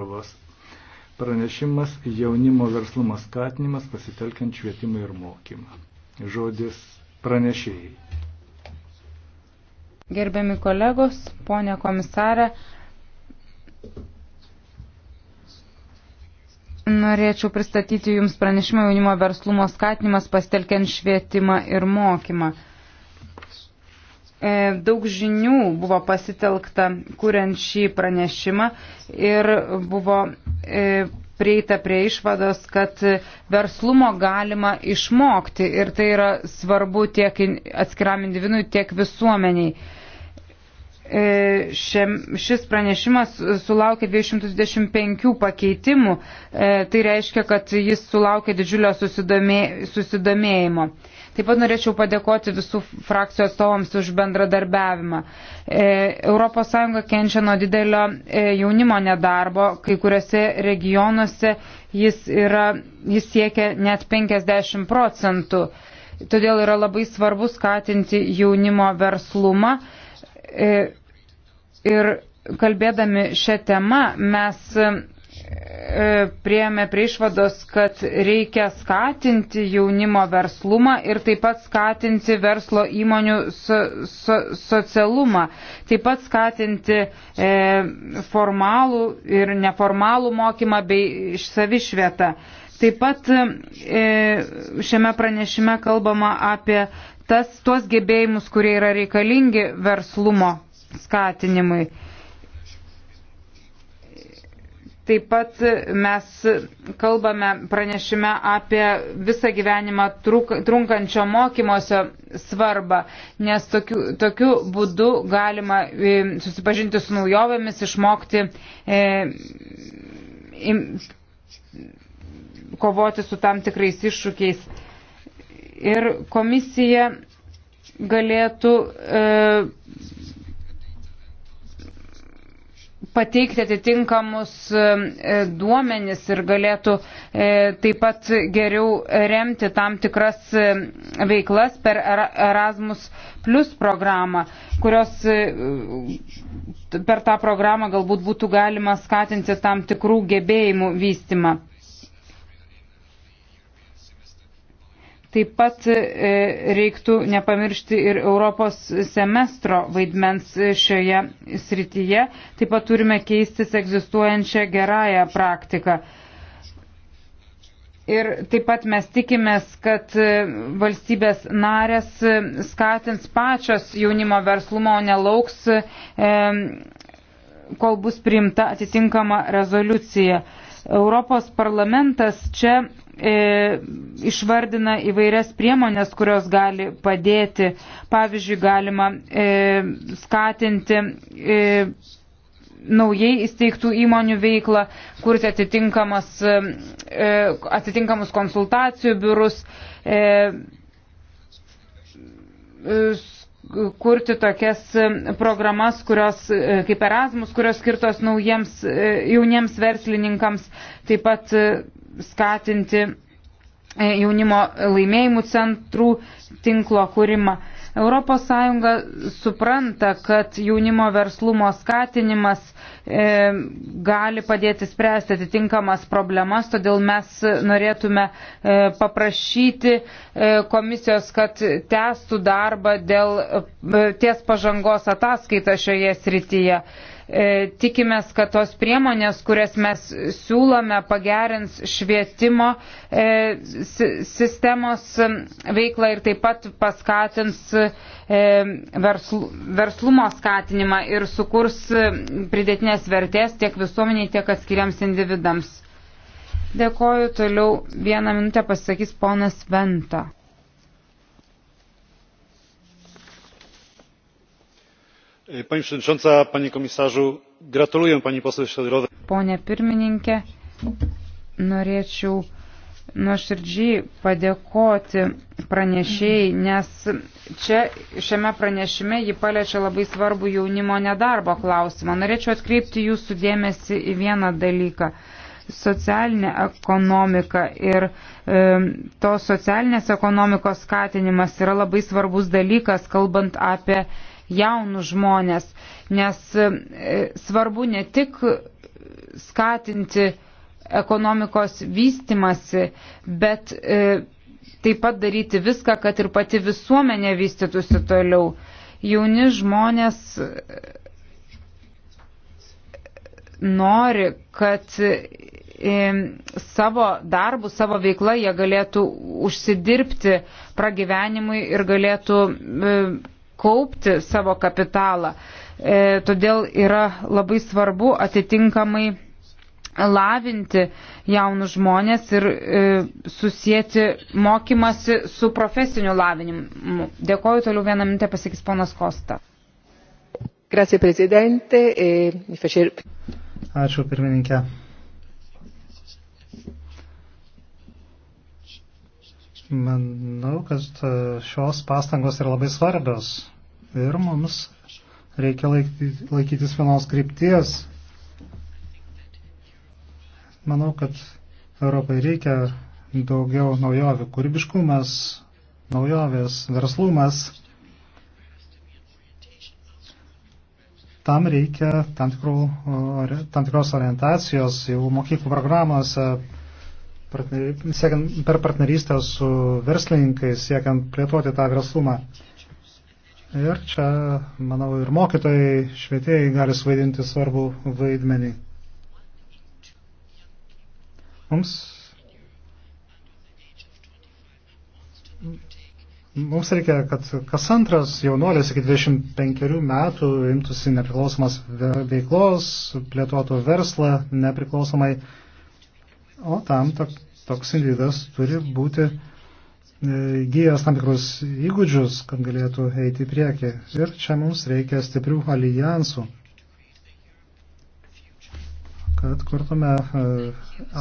Kavos pranešimas jaunimo verslumo skatinimas pasitelkiant švietimą ir mokymą. Žodis pranešėjai. Gerbiami kolegos, ponė komisarė, norėčiau pristatyti Jums pranešimą jaunimo verslumo skatinimas pasitelkiant švietimą ir mokymą. E, daug žinių buvo pasitelkta, kuriant šį pranešimą ir buvo e, prieita prie išvados, kad verslumo galima išmokti ir tai yra svarbu tiek atskiram individui, tiek visuomeniai. E, šiam, šis pranešimas sulaukė 225 pakeitimų, tai reiškia, kad jis sulaukė didžiulio susidomė, susidomėjimo. Taip pat norėčiau padėkoti visų frakcijų atstovams už bendradarbiavimą. ES kenčia nuo didelio e, jaunimo nedarbo, kai kuriuose regionuose jis, yra, jis siekia net 50 procentų. Todėl yra labai svarbu skatinti jaunimo verslumą. E, ir kalbėdami šią temą mes E, prieėmė prie išvados, kad reikia skatinti jaunimo verslumą ir taip pat skatinti verslo įmonių so, so, socialumą, taip pat skatinti e, formalų ir neformalų mokymą bei savišvietą. Taip pat e, šiame pranešime kalbama apie tas, tuos gebėjimus, kurie yra reikalingi verslumo skatinimui. E, Taip pat mes kalbame pranešime apie visą gyvenimą truk, trunkančio mokymosio svarbą, nes tokiu, tokiu būdu galima e, susipažinti su naujovėmis, išmokti e, im, kovoti su tam tikrais iššūkiais. Ir komisija galėtų e, pateikti atitinkamus e, e, duomenis ir galėtų e, taip pat geriau remti tam tikras veiklas per Erasmus Plus programą, kurios per tą programą galbūt būtų galima skatinti tam tikrų gebėjimų vystimą. Taip pat e, reiktų nepamiršti ir Europos semestro vaidmens e, šioje srityje. Taip pat turime keistis egzistuojančią gerąją praktiką. Ir taip pat mes tikimės, kad e, valstybės narės skatins pačios jaunimo verslumo, nelauks, kol bus priimta atitinkama rezoliucija. Europos parlamentas čia e, išvardina įvairias priemonės, kurios gali padėti. Pavyzdžiui, galima e, skatinti. E, naujai įsteigtų įmonių veiklą, kurti atitinkamas, e, atitinkamus konsultacijų biurus, e, e, kurti tokias e, programas, kurios e, kaip Erasmus, kurios skirtos naujiems, e, jauniems verslininkams, taip pat skatinti jaunimo laimėjimų centrų tinklo kūrimą. ES supranta, kad jaunimo verslumo skatinimas e, gali padėti spręsti atitinkamas problemas, todėl mes norėtume e, paprašyti e, komisijos, kad tęstų darbą dėl e, ties pažangos ataskaita šioje srityje. E, E, tikimės, kad tos priemonės, kurias mes siūlome, pagerins švietimo e, sistemos e, veiklą ir taip pat paskatins verslumo skatinimą ir sukurs pridėtinės vertės tiek visuomeniai, tiek atskiriams individams. Dėkoju, toliau vieną minutę pasakys ponas Venta. pani przewodnicząca! panie komisarzu! gratuluję pani poseł ojdrovai. pone pirmininke norėčiau nuoširdžiai padėkoti pranešėjai nes čia šiame pranešime ji paliečia labai svarbų jaunimo nedarbo klausimą. norėčiau atkreipti jūsų dėmesį į vieną dalyką socialinė ekonomika ir e, tos socialinės ekonomikos skatinimas yra labai svarbus dalykas, kalbant apie jaunus žmonės, nes e, svarbu ne tik skatinti ekonomikos vystimasi, bet e, taip pat daryti viską, kad ir pati visuomenė vystytųsi toliau. Jauni žmonės e, nori, kad savo darbų, savo veiklą jie galėtų užsidirbti pragyvenimui ir galėtų kaupti savo kapitalą. E, todėl yra labai svarbu atitinkamai lavinti jaunus žmonės ir e, susijęti mokymasi su profesiniu lavinimu. Dėkoju, toliau vieną minutę pasakys ponas Kosta. Grazie, prezidente. E, Ačiū, pirmininkė. Manau, kad e, šios pastangos yra labai svarbios ir mums reikia laikytis vienos krypties. Manau, kad Europai reikia daugiau naujovių. Kūrybiškumas, naujovės, verslumas. Tam reikia tam, tikrų, tam tikros orientacijos jau mokyklų programuose, partner, siekiant, per partnerystę su verslininkais, siekiant plėtoti tą verslumą. Ir čia, manau, ir mokytojai, švietėjai gali suvaidinti svarbų vaidmenį. Mums, mums reikia, kad kas antras jaunuolis iki 25 metų imtųsi nepriklausomas veiklos, plėtotų verslą nepriklausomai o tam toks individas turi būti e, įgyjęs tam tikrus įgūdžius, kad galėtų eiti į priekį. Ir čia mums reikia stiprių alijansų, kad kurtume e,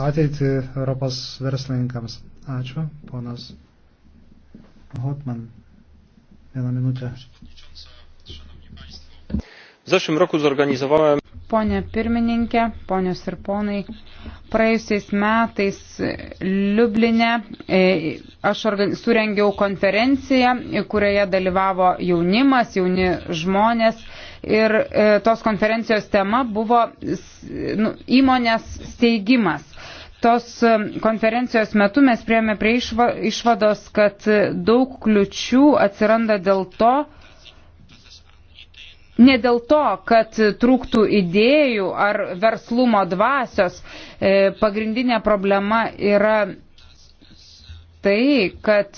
ateitį Europos verslininkams. Ačiū, ponas Hotman. Vieną minutę. W zeszłym roku zorganizowałem Pone pirmininkė, ponios ir ponai, praėjusiais metais Liublinė e, aš surengiau konferenciją, kurioje dalyvavo jaunimas, jauni žmonės ir e, tos konferencijos tema buvo nu, įmonės steigimas tos e, konferencijos metu mes prieėmė prie išvados, kad daug kliučių atsiranda dėl to, ne dėl to, kad trūktų idėjų ar verslumo dvasios. E, pagrindinė problema yra tai, kad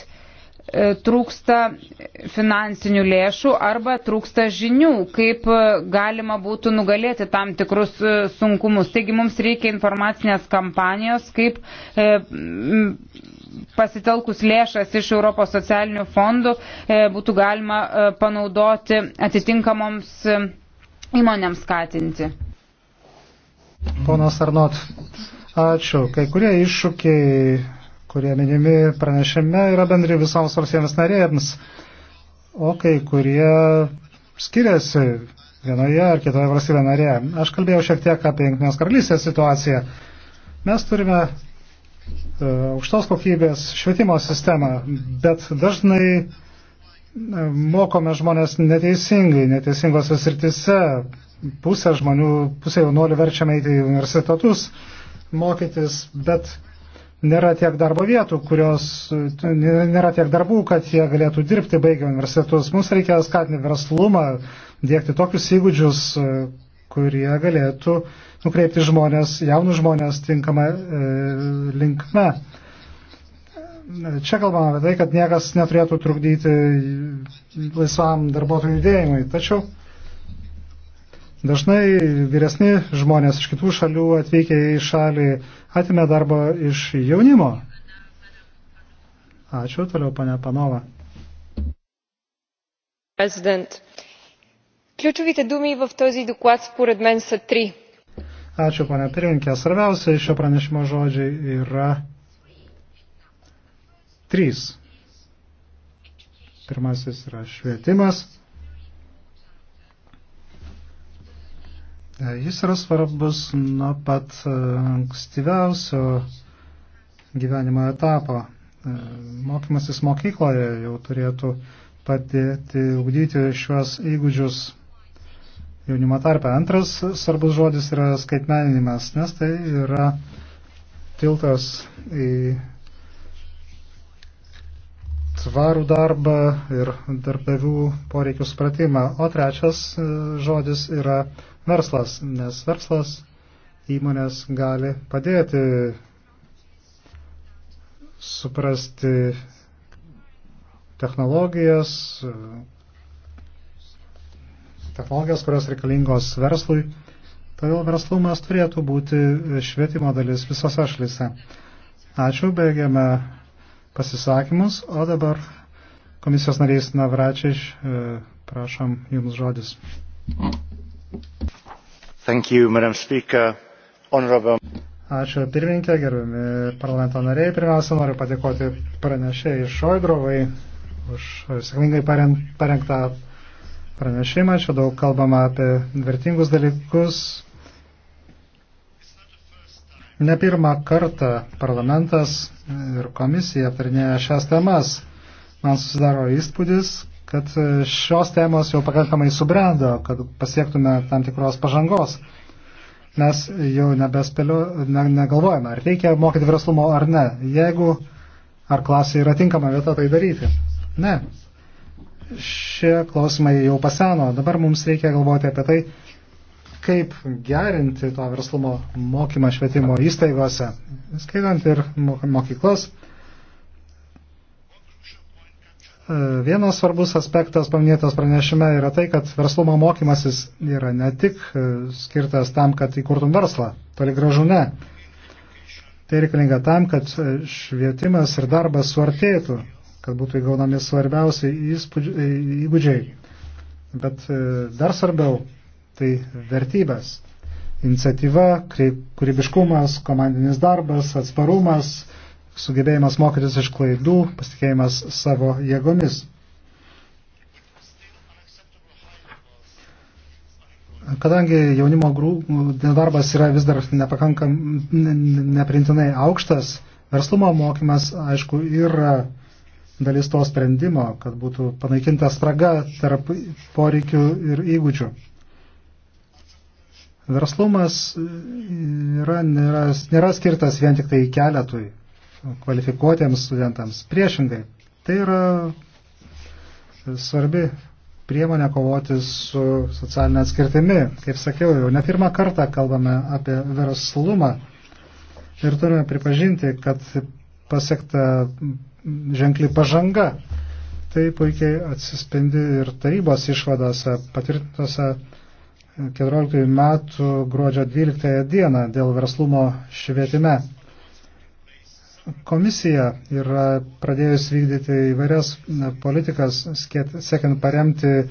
e, trūksta finansinių lėšų arba trūksta žinių, kaip e, galima būtų nugalėti tam tikrus sunkumus. Taigi mums reikia informacinės kampanijos, kaip pasitelkus lėšas iš Europos socialinių fondų e, būtų galima e, panaudoti atitinkamoms e, įmonėms skatinti. Ponas Arnot, ačiū. Kai kurie iššūkiai, kurie minimi pranešime, yra bendri visoms valstybėms narėms, o kai kurie skiriasi vienoje ar kitoje valstybėje narėje. Aš kalbėjau šiek tiek apie Junktinės karalystės situaciją. Mes turime E, aukštos kokybės švietimo sistemą, bet dažnai e, mokome žmonės neteisingai, neteisingose sritise. Pusę žmonių, pusę jaunuolių verčiame eiti į universitetus, mokytis, bet nėra tiek darbo vietų, kurios, e, nėra tiek darbų, kad jie galėtų dirbti baigę universitetus. Mums reikia skatinti verslumą, dėkti tokius įgūdžius, kurie galėtų nukreipti žmonės, jaunus žmonės tinkamą e, linkme. Čia kalbame apie tai, kad niekas neturėtų trukdyti laisvam darbuotojų judėjimui, tačiau dažnai vyresni žmonės iš kitų šalių atvykę į šalį atimė darbą iš jaunimo. Ačiū, toliau pane Panova. President. Ключовите думи в този доклад според мен са три. Ačiū, ponia pirminkė. Svarbiausia šio pranešimo žodžiai yra trys. Pirmasis yra švietimas. E, jis yra svarbus nuo pat e, ankstyviausio gyvenimo etapo. E, mokymasis mokykloje jau turėtų padėti ugdyti šiuos įgūdžius jaunimo tarpe. Antras svarbus žodis yra skaitmeninimas, nes tai yra tiltas į tvarų darbą ir darbdavių poreikių supratimą. O trečias e, žodis yra verslas, nes verslas įmonės gali padėti suprasti technologijas, technologijas, kurios reikalingos verslui. Todėl verslumas turėtų būti švietimo dalis visose šalyse. Ačiū, baigiame pasisakymus, o dabar komisijos narys Navračiš, e, prašom Jums žodis. Thank you, Madam Speaker. Honorable. Ačiū pirmininkė, gerbiami parlamento nariai. Pirmiausia, noriu padėkoti pranešėjai Šoidrovai už sėkmingai parengtą pranešimą. Čia daug kalbama apie vertingus dalykus. Ne pirmą kartą parlamentas ir komisija aptarinėja šias temas. Man susidaro įspūdis, kad šios temos jau pakankamai subrendo, kad pasiektume tam tikros pažangos. Mes jau nebespėliu, ne, negalvojame, ar reikia mokyti verslumo ar ne. Jeigu ar klasė yra tinkama vieta tai daryti. Ne, šie klausimai jau paseno. Dabar mums reikia galvoti apie tai, kaip gerinti to verslumo mokymą švietimo įstaigose, skaitant ir mokyklas. E, vienas svarbus aspektas paminėtas pranešime yra tai, kad verslumo mokymasis yra ne tik e, skirtas tam, kad įkurtum verslą, toli gražu ne. Tai reikalinga tam, kad e, švietimas ir darbas suartėtų kad būtų įgaunami svarbiausi e, įgūdžiai. Bet e, dar svarbiau - tai vertybės. Iniciatyva, kūrybiškumas, komandinis darbas, atsparumas, sugebėjimas mokytis iš klaidų, pasitikėjimas savo jėgomis. Kadangi jaunimo darbas yra vis dar nepakankam, neprintinai aukštas, verslumo mokymas, aišku, yra dalis to sprendimo, kad būtų panaikinta spraga tarp poreikių ir įgūdžių. Verslumas yra, nėra, nėra skirtas vien tik tai keletui kvalifikuotiems studentams. Priešingai, tai yra svarbi priemonė kovoti su socialinė atskirtimi. Kaip sakiau, jau ne pirmą kartą kalbame apie verslumą ir turime pripažinti, kad pasiekta ženkli pažanga. Tai puikiai atsispindi ir tarybos išvadose patvirtintose 14 metų gruodžio 12 dieną dėl verslumo švietime. Komisija yra pradėjus vykdyti įvairias politikas, siekiant paremti e,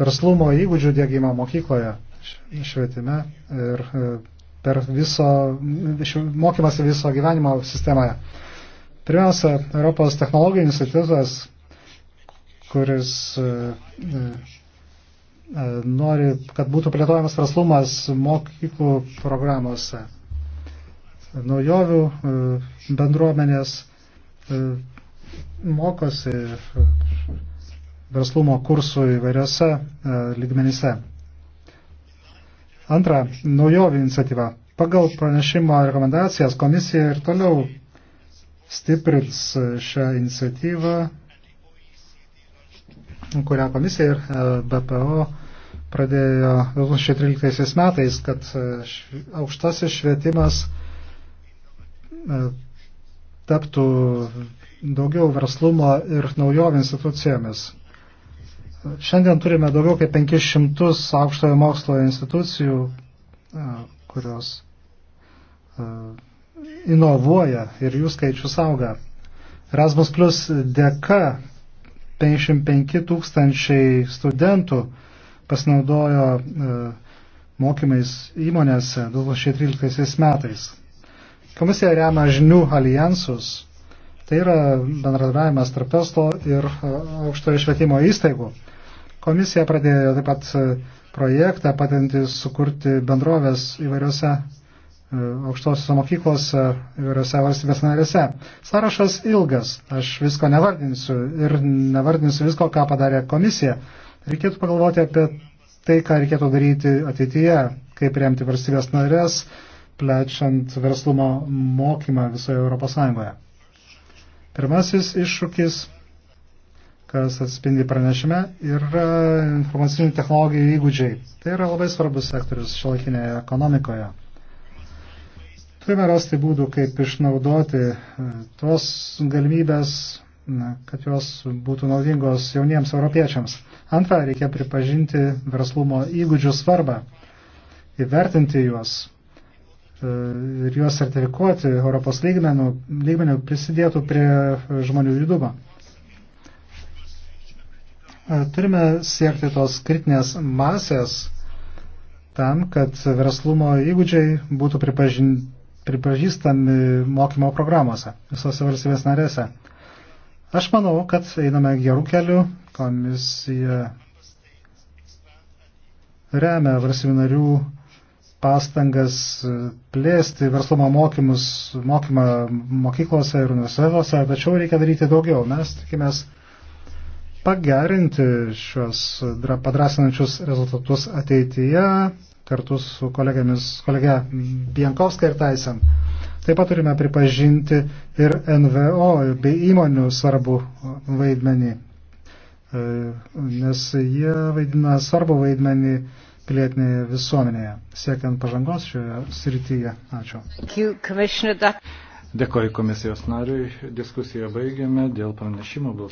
verslumo įgūdžių dėgymą mokykloje, švietime ir e, per viso, mokymasi viso gyvenimo sistemoje. Pirmiausia, Europos technologijų institutas, kuris e, e, nori, kad būtų plėtojamas verslumas mokyklų programuose. Naujovių e, bendruomenės mokosi verslumo kursų įvairiose lygmenyse. Antra, naujovių iniciatyva. Pagal pranešimo rekomendacijas komisija ir toliau stiprins šią iniciatyvą, kurią komisija ir e, BPO pradėjo 2013 metais, kad e, aukštasis švietimas e, taptų daugiau verslumo ir naujovių institucijomis. Šiandien turime daugiau kaip 500 aukštojo mokslo institucijų, kurios inovuoja ir jų skaičius auga. Erasmus Plus dėka 55 tūkstančiai studentų pasinaudojo e, mokymais įmonėse 2013 metais. Komisija remia žinių alijansus. Tai yra bendradarbiavimas tarp verslo ir e, aukštojo švietimo įstaigų. Komisija pradėjo taip pat e, projektą patentį sukurti bendrovės įvairiose E, aukštosios mokyklos įvairiose valstybės narėse. Sąrašas ilgas, aš visko nevardinsiu ir nevardinsiu visko, ką padarė komisija. Reikėtų pagalvoti apie tai, ką reikėtų daryti ateityje, kaip remti valstybės narės, plečiant verslumo mokymą visoje Europos Sąjungoje. Pirmasis iššūkis, kas atspindi pranešime, yra informacinių technologijų įgūdžiai. Tai yra labai svarbus sektorius šiolaikinėje ekonomikoje. Turime rasti būdų, kaip išnaudoti e, tos galimybės, kad jos būtų naudingos jauniems europiečiams. Antra, reikia pripažinti verslumo įgūdžių svarbą, įvertinti juos e, ir juos sertifikuoti Europos lygmenių, lygmenių prisidėtų prie žmonių judumo. E, turime siekti tos kritinės masės tam, kad verslumo įgūdžiai būtų pripažinti pripažįstami mokymo programuose visose valstybės narėse. Aš manau, kad einame gerų kelių, komisija remia valstybių narių pastangas plėsti verslumo mokymus, mokymą mokyklose ir universitetuose, tačiau reikia daryti daugiau. Mes tikimės pagerinti šios padrasinančius rezultatus ateityje kartu su kolegėmis, kolegė Bienkovska ir Taisen. Taip pat turime pripažinti ir NVO bei įmonių svarbų vaidmenį, e, nes jie vaidina svarbų vaidmenį pilietinėje visuomenėje, siekiant pažangos šioje srityje. Ačiū. Dėkoju komisijos nariui. Diskusiją baigėme. Dėl pranešimo bus.